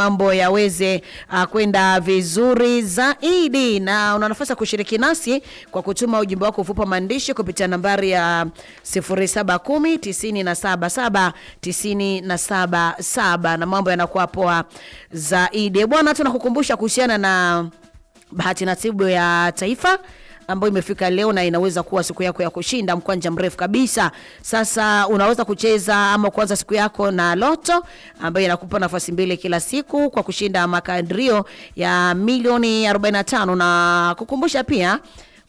mambo yaweze uh, kwenda vizuri zaidi, na una nafasi ya kushiriki nasi kwa kutuma ujumbe wako ufupi maandishi kupitia nambari ya 0710977977 na mambo yanakuwa poa zaidi bwana. Tunakukumbusha kuhusiana na bahati nasibu ya taifa ambayo imefika leo na inaweza kuwa siku yako ya kushinda mkwanja mrefu kabisa. Sasa unaweza kucheza ama kuanza siku yako na loto ambayo inakupa nafasi mbili kila siku kwa kushinda makadirio ya milioni 45 na kukumbusha pia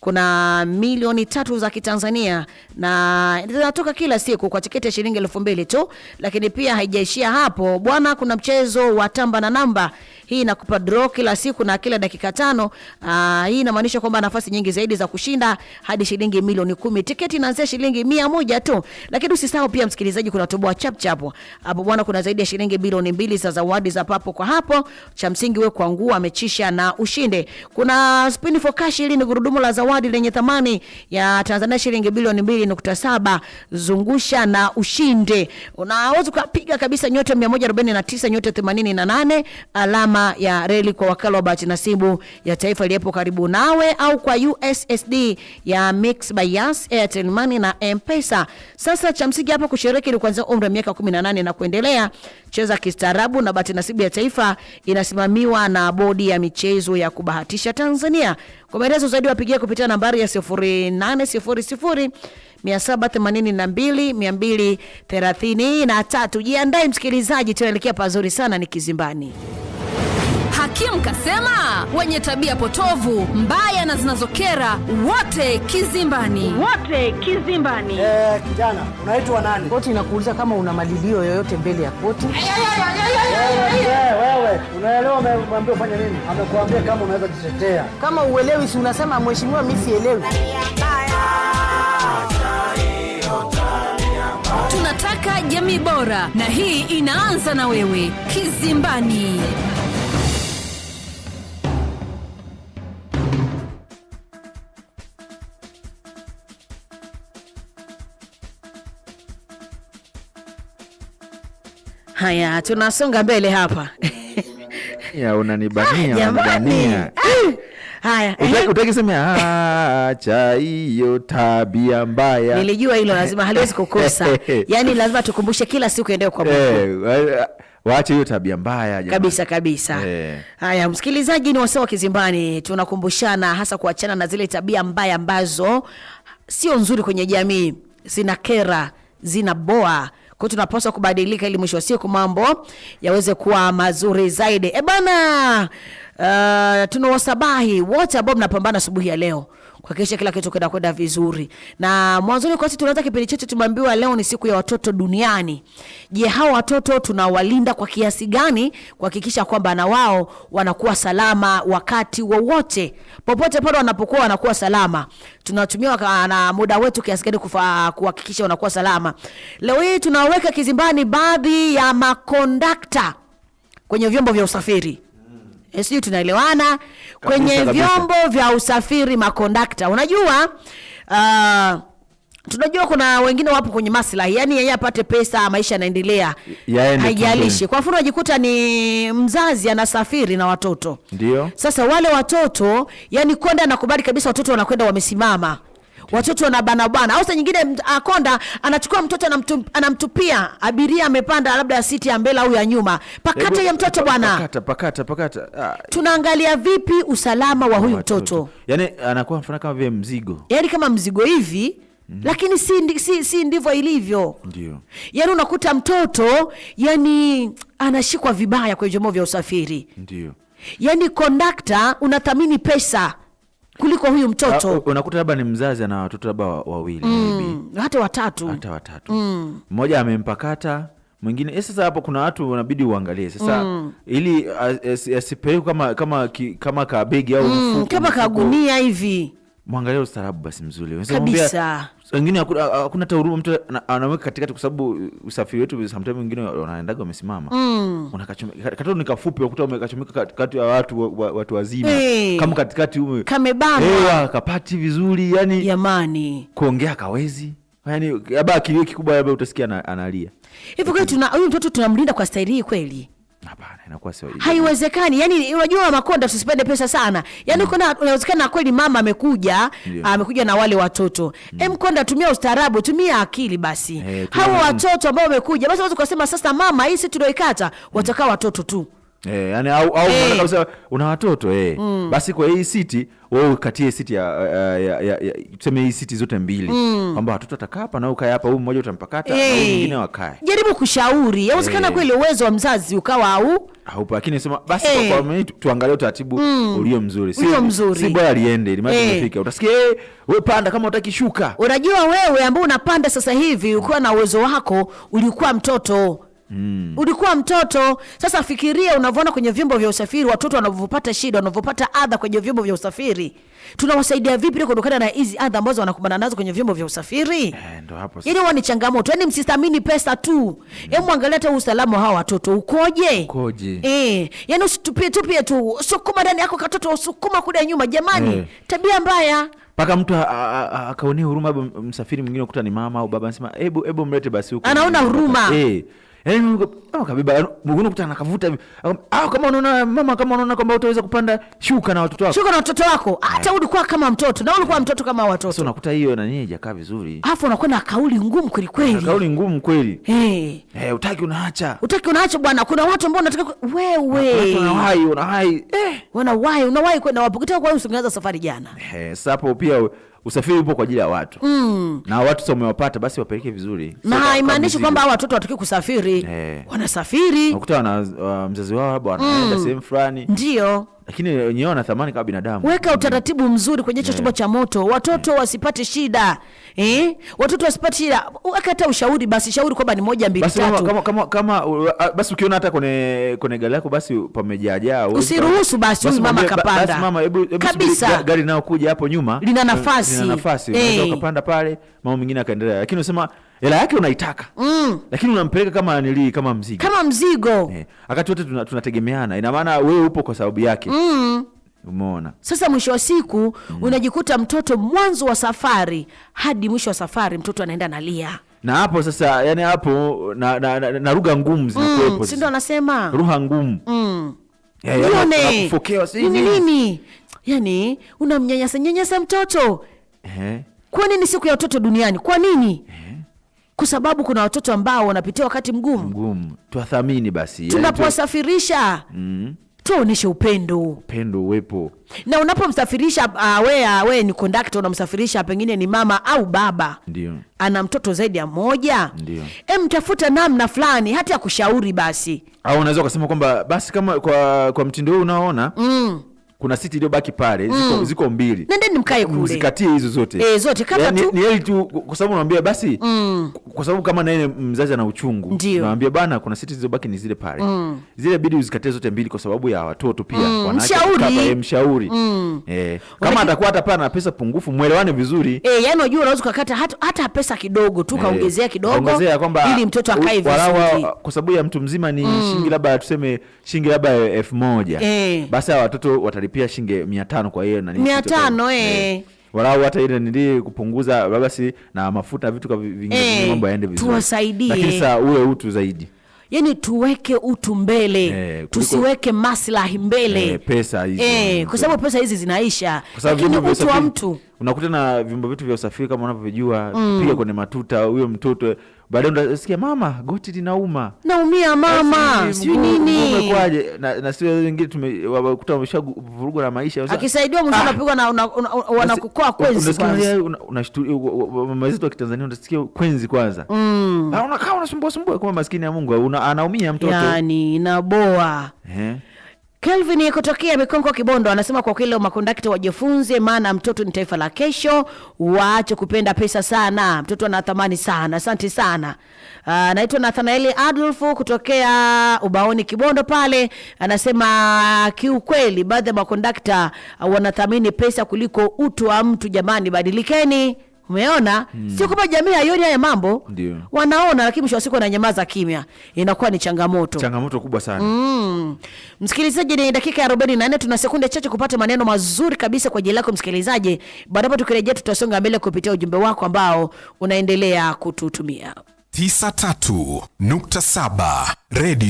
kuna milioni tatu za Kitanzania na zinatoka kila siku kwa tiketi ya shilingi elfu mbili tu, lakini pia haijaishia hapo bwana. Kuna mchezo wa tamba na namba, hii inakupa draw kila siku na kila dakika tano. Aa, ah, hii inamaanisha kwamba nafasi nyingi zaidi za kushinda hadi shilingi milioni kumi. Tiketi inaanzia shilingi mia moja tu, lakini usisahau pia msikilizaji, kuna toboa chap chap hapo bwana, kuna zaidi ya shilingi bilioni mbili za zawadi za papo kwa hapo. Cha msingi wewe kwa nguo amechisha na ushinde. Kuna spin for cash, hili ni gurudumu la zawadi zawadi lenye thamani ya Tanzania shilingi bilioni mbili nukta saba. zungusha na ushinde. Unaweza ukapiga kabisa nyota 149 nyota 88 alama ya reli kwa wakala wa bahati nasibu ya taifa iliyopo karibu nawe au kwa USSD ya Mix by Yas, Airtel Money na M-Pesa. Sasa cha msingi hapa kushiriki ni kuanzia umri wa miaka 18 na kuendelea. Cheza kistaarabu na bahati nasibu ya taifa inasimamiwa na bodi ya michezo ya kubahatisha Tanzania. Kwa maelezo zaidi wapigie kupitia kupitia nambari ya 0800 na 233. Jiandae msikilizaji, tunaelekea pazuri sana ni Kizimbani. Hakimu kasema wenye tabia potovu mbaya na zinazokera wote kizimbani, wote kizimbani. Eh, kijana unaitwa nani? Koti inakuuliza kama una malilio yoyote mbele ya koti. Wewe unaelewa umeambiwa fanya nini? Amekuambia kama unaweza kujitetea. Kama uelewi, si unasema mheshimiwa, mimi sielewi. Tunataka jamii bora, na hii inaanza na wewe. Kizimbani. Haya, tunasonga mbele hapa ya unanibania, unanibania. Ah, haya, utaki eh. sema ah, acha hiyo tabia mbaya. Nilijua hilo lazima haliwezi kukosa. yani lazima tukumbushe kila siku endeo kwa Mungu. Eh, eh, waache hiyo tabia mbaya jamani. Kabisa kabisa. Haya, Msikilizaji ni wasewa kizimbani, tunakumbushana hasa kuachana na zile tabia mbaya ambazo sio nzuri kwenye jamii, zina kera, zina boa kwa tunapaswa kubadilika ili mwisho wa siku mambo yaweze kuwa mazuri zaidi. E bana, uh, tunawasabahi wote ambao mnapambana asubuhi ya leo kuhakikisha kila kitu kinakwenda vizuri. Na mwanzoni kwa sisi tunaanza kipindi chetu, tumeambiwa leo ni siku ya watoto duniani. Je, hao watoto tunawalinda kwa kiasi gani kuhakikisha kwamba na wao wanakuwa salama wakati wowote wa popote pale wanapokuwa wanakuwa salama? Tunatumia na muda wetu kiasi gani kuhakikisha wanakuwa salama? Leo hii tunaweka kizimbani baadhi ya makondakta kwenye vyombo vya usafiri. Eh, sijui tunaelewana. Kwenye vyombo vya usafiri makondakta, unajua uh, tunajua kuna wengine wapo kwenye maslahi, yani yeye apate pesa, maisha yanaendelea, haijalishi. Kwa mfano, ajikuta ni mzazi anasafiri na watoto, ndio sasa wale watoto, yani kwenda, nakubali kabisa, watoto wanakwenda wamesimama watoto wanabana bana, au saa nyingine akonda ah, anachukua mtoto anamtupia abiria, amepanda labda siti ya mbele au ya nyuma, pakata ya mtoto bwana, pakata pakata pakata. Ah, tunaangalia vipi usalama wa huyu mtoto? Yani anakuwa mfano kama vile mzigo, yani kama mzigo hivi mhm. lakini si, si, si ndivyo ilivyo. Ndio yaani unakuta mtoto yani anashikwa vibaya kwenye vyombo vya usafiri. Ndio yaani kondakta unathamini pesa kuliko huyu mtoto. Unakuta labda ni mzazi ana watoto labda wawili mm, hata watatu, hata watatu mm. mmoja mm, amempakata mwingine. Eh, sasa hapo kuna watu wanabidi uangalie sasa mm, ili asipelekwe kama, kama, kama kabegi au mm, kama kagunia hivi mwangalia ustaarabu basi mzuri Wengine hakuna hata huruma, mtu anaweka katikati, kwa sababu usafiri wetu samtime wengine wanaendaga wamesimama, mm. unakachomeka ni kafupi, wakuta umekachomeka katikati ya watu watu wazima, kama katikati ume kamebanwa kapati vizuri, yani yamani kuongea kawezi yani, abaa kilio kikubwa, labda utasikia analia hivyo Kweli huyu mtoto tunamlinda kwa staili hii kweli? inakuwa sio hivyo. Haiwezekani. Yaani unajua Makonda tusipende pesa sana. yani kuna inawezekana kweli mama amekuja, amekuja na wale watoto. Mm. Em, Konda tumia ustaarabu, tumia akili basi. Hey, eh, hao watoto ambao wamekuja basi unaweza kusema sasa mama hii si tulioikata, mm. watakaa watoto tu. E, yani au, au hey. Eh. Kabisa una watoto eh. Mm. Basi kwa hii siti wewe ukatie siti ya, ya, ya, ya, ya tuseme hii siti zote mbili mm. Kwamba watoto atakaa hapa na ukae hapa, huyu mmoja utampakata hey. Na eh. mwingine wakae. Jaribu kushauri, yawezekana hey. Kweli uwezo wa mzazi ukawa au haupo, lakini sema basi hey. Kwa kwa tuangalie utaratibu mm. ulio mzuri, si mzuri, si bora liende ili hey. utasikia hey, wewe panda kama utaki shuka. Unajua wewe ambao unapanda sasa hivi ukiwa na uwezo wako ulikuwa mtoto Mm. Ulikuwa mtoto sasa, fikiria unavyoona kwenye vyombo vya usafiri watoto wanavyopata shida, wanavyopata adha kwenye vyombo vya usafiri, tunawasaidia vipi ili kuondokana na hizi adha ambazo wanakumbana nazo kwenye vyombo vya usafiri? Eh, ndio hapo sasa. Yaani huwa ni changamoto, yaani msithamini pesa tu, mm. hebu mm. angalia hata usalama hawa watoto ukoje, ukoje? Eh, yaani usitupie tupie tu, sukuma ndani yako katoto, usukuma kule nyuma, jamani eh. Tabia mbaya mpaka mtu akaonea huruma, msafiri mwingine ukuta ni mama au baba, anasema hebu hebu mlete basi huko, anaona huruma eh. Eh, yaani kabeba mguuni kuta anakavuta hivi. Ah, kama unaona mama, kama unaona kwamba utaweza kupanda shuka na watoto wako. Shuka na watoto wako. Ah, hata eh. ulikuwa kama mtoto na ulikuwa mtoto kama watoto. Sasa unakuta hiyo na nini haijakaa vizuri. Alafu unakuwa na kauli ngumu kweli kweli. Kauli ngumu kweli. Eh. Eh, utaki unaacha. Utaki unaacha bwana. Kuna watu ambao unataka wewe. Unawahi, unawahi. Eh. Unawahi, unawahi kwenda wapo. Kitaka kwa usingeanza safari jana. Eh, sasa hapo pia usafiri upo kwa ajili ya watu mm. na watu sasa umewapata, basi wapeleke vizuri, na haimaanishi kwamba hao watoto wataki kusafiri eh. Wanasafiri, wakuta wana, uh, mzazi wao labda wanaenda mm. sehemu fulani ndio lakini wenyewe wanathamani kama binadamu. Weka utaratibu mzuri kwenye hicho eh. chumba cha moto, watoto eh. wasipate shida eh? Watoto wasipate shida, weka hata ushauri basi, shauri kwamba ni moja mbili tatu, kama kama kama uh, uh, basi. Ukiona hata kwenye kwenye gari lako basi pamejaajaa, usiruhusu basi, huyu mama kapanda, basi mama, hebu kabisa, gari nao kuja hapo nyuma lina eh, nafasi, lina nafasi, unaweza ukapanda pale, mama mwingine akaendelea, lakini unasema hela yake unaitaka mm. Lakini unampeleka kama nili kama mzigo, kama mzigo eh. wote tunategemeana tuna, ina maana wewe upo kwa sababu yake mm. Umeona sasa, mwisho wa siku mm. unajikuta mtoto mwanzo wa safari hadi mwisho wa safari mtoto anaenda nalia na hapo sasa, yani hapo na, na, na, na ruga ngumu mm. zinakuwepo mm, sindo anasema ruha ngumu mm. Ni nini? Yani unamnyanyasa nyanyasa mtoto eh. Kwa nini siku ya mtoto duniani? Kwa nini eh kwa sababu kuna watoto ambao wanapitia wakati mgumu mgumu. Tuwathamini basi tunapowasafirisha mm. tuwaonyeshe upendo, upendo uwepo, na unapomsafirisha uh, we, uh, we ni kondakta, unamsafirisha pengine ni mama au baba, ndio ana mtoto zaidi ya moja, ndio mtafuta namna fulani hata ya kushauri basi, au unaweza ukasema kwamba basi kama kwa, kwa mtindo huu unaoona mm kuna siti iliyobaki pale ziko, mm. Ziko, ziko mbili, nendeni mkae kule, mzikatie hizo zote e, zote kata yani, tu ni heli tu, kwa sababu unamwambia basi mm. Kwa sababu kama naye mzazi ana uchungu, unamwambia bana, kuna siti zilizobaki ni zile pale mm. Zile bidi uzikatie zote mbili kwa sababu ya watoto pia mm. Wanaacha mshauri, eh, mshauri mm. E, kama Wale... atakuwa hata pana pesa pungufu, mwelewane vizuri e, yani unajua unaweza kukata hata, hata pesa kidogo tu kaongezea e, kidogo kaongezea kwamba ili mtoto akae vizuri, kwa sababu ya mtu mzima ni mm. shilingi labda tuseme shilingi labda elfu moja e. Basi watoto watali pia shilingi mia tano kwa hiyo na mia tano eh. Eh. walau hata ile nili kupunguza basi na mafuta vitu kama eh, mambo yaende vizuri, tuwasaidie, lakini sasa uwe utu zaidi Yani tuweke utu mbele eh, tusiweke maslahi mbele eh, pesa hizi kwa sababu pesa hizi zinaisha, lakini utu wa mtu unakuta na vyumbo vitu vya usafiri kama unavyojua mm, pia kwenye matuta huyo mtoto baadaye unasikia mama, goti linauma, naumia mama, sijui nini, umekwaje? Na sio wengine tumekuta wameshavurugwa na maisha, akisaidiwa mwisho ah! unapigwa na wanakukoa kwenzi. wa Kitanzania unasikia kwenzi kwanza, mm. ah, unakaa unasumbua sumbua kama maskini ya Mungu, anaumia mtoto, yani inaboa eh Kelvin kutokea Mikongo Kibondo anasema kwa kweli makondakta wajifunze, maana mtoto ni taifa la kesho, waache kupenda pesa sana, mtoto ana thamani sana. Asante sana. Uh, ah, Nathanael Nathanaeli Adolfu kutokea ubaoni Kibondo pale, anasema kiukweli baadhi ya makondakta ah, wanathamini pesa kuliko utu wa mtu. Jamani, badilikeni. Umeona Mm. Sio kwamba jamii haioni haya mambo Ndiyo. Wanaona, lakini mwisho wa siku wananyamaza kimya, inakuwa ni changamoto, changamoto kubwa sana mm. Msikilizaji, ni dakika ya 44 tuna sekunde chache kupata maneno mazuri kabisa kwa ajili yako msikilizaji. baada hapo tukirejea, tutasonga mbele kupitia ujumbe wako ambao unaendelea kututumia. 93.7 Radio